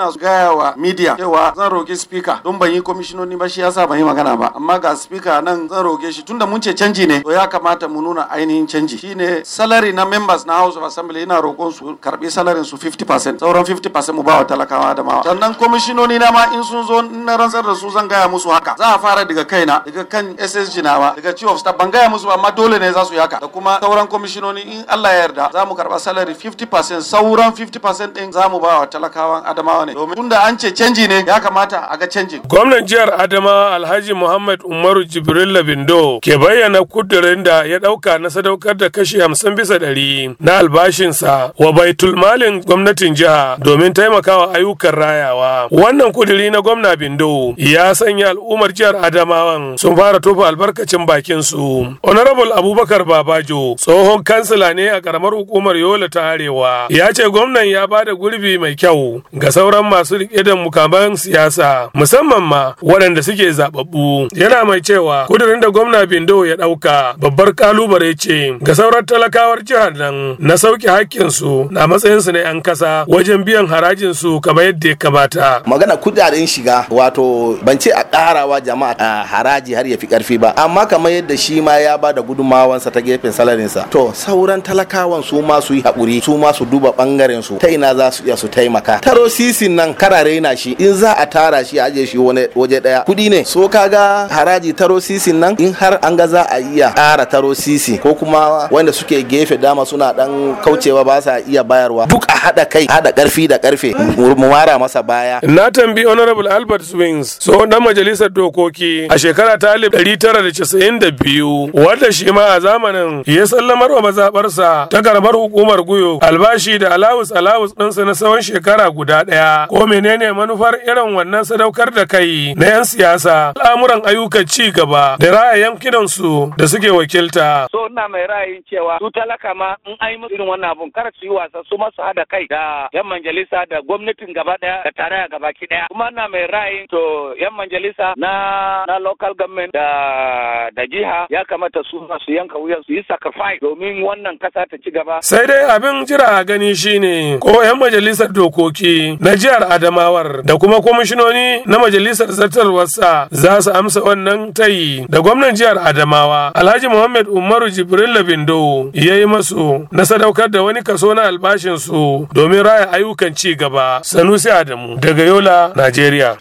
ina gaya wa media cewa zan roki speaker don ban yi komishinoni ba shi sa ban yi magana ba amma ga speaker nan zan roke shi tunda mun ce canji ne to ya kamata mu nuna ainihin canji shine salary na members na House of Assembly ina roƙon su karbi salary su 50% sauran 50% mu ba wa talakawa da mawa sannan komishinoni na ma in sun zo na rantsar da su zan gaya musu haka za a fara daga kaina daga kan SSG na ba daga chief of staff ban gaya musu ba amma dole ne za su yi haka da kuma sauran komishinoni in Allah ya yarda za mu karba salary 50% sauran 50% din za mu ba wa talakawan Adamawa ne domin tunda an ce canji ne ya kamata a ga canji. Gwamnan jihar Adama Alhaji Muhammad Umaru Jibril Labindo ke bayyana kudirin da ya dauka na sadaukar da kashi hamsin bisa ɗari na albashinsa wa baitul malin gwamnatin jiha domin taimakawa ayyukan rayawa. Wannan kudiri na gwamna Bindo ya sanya al'ummar jihar Adamawan sun fara tofa albarkacin bakin su. Honorable Abubakar Babajo tsohon kansila ne a karamar hukumar Yola ta Arewa ya ce gwamnan ya bada gurbi mai kyau ga sauran sauran masu riƙe da mukaman siyasa musamman ma waɗanda suke zababbu yana mai cewa kudirin da gwamna bindo ya ɗauka babbar kalubale ce ga sauran talakawar jihar nan na sauke su. na matsayin su na 'yan kasa wajen biyan harajin su kamar yadda ya kamata magana kudaden shiga wato ban ce a ƙarawa jama'a haraji har ya fi karfi ba amma kamar yadda shi ma ya ba da gudunmawansa ta gefen salarinsa to sauran talakawan su ma su yi haƙuri su ma su duba ɓangaren su ta ina za su iya su taimaka taro sisi hadisin nan kara raina shi in za a tara shi a aje shi waje daya kudi ne so kaga haraji taro sisin nan in har an ga za a iya tara taro sisi ko kuma wanda suke gefe dama suna dan kaucewa ba sa iya bayarwa duk a hada kai hada karfi da karfe mu mara masa baya na tambi honorable albert swings so dan majalisar dokoki a shekara ta 1992 wanda shi ma a zamanin ya sallamar wa mazabarsa ta karbar hukumar guyo albashi da alawus alawus ɗinsa na tsawon shekara guda ɗaya ko menene manufar irin wannan sadaukar da kai na 'yan siyasa al'amuran ayyukan ci gaba da ra'ayin yankinan su da suke wakilta. So ina mai ra'ayin cewa su talaka ma in ai musu irin wannan abun kar su yi wasa su masu hada kai da 'yan majalisa da gwamnatin gaba daya da tarayya gaba ki daya. Kuma ina mai ra'ayin to 'yan majalisa na na local government da da jiha ya kamata su su yanka wuyan su yi sacrifice domin wannan kasa ta ci gaba. Sai dai abin jira a gani shine ko 'yan majalisar dokoki na jihar Adamawar da kuma kwamishinoni na majalisar zartarwarsa za su amsa wannan tayi da gwamnan jihar Adamawa Alhaji Muhammad Umaru Jibril Labindo ya yi masu na sadaukar da wani kaso na albashinsu domin raya ayyukan ci gaba. Sanusi Adamu daga Yola, Najeriya.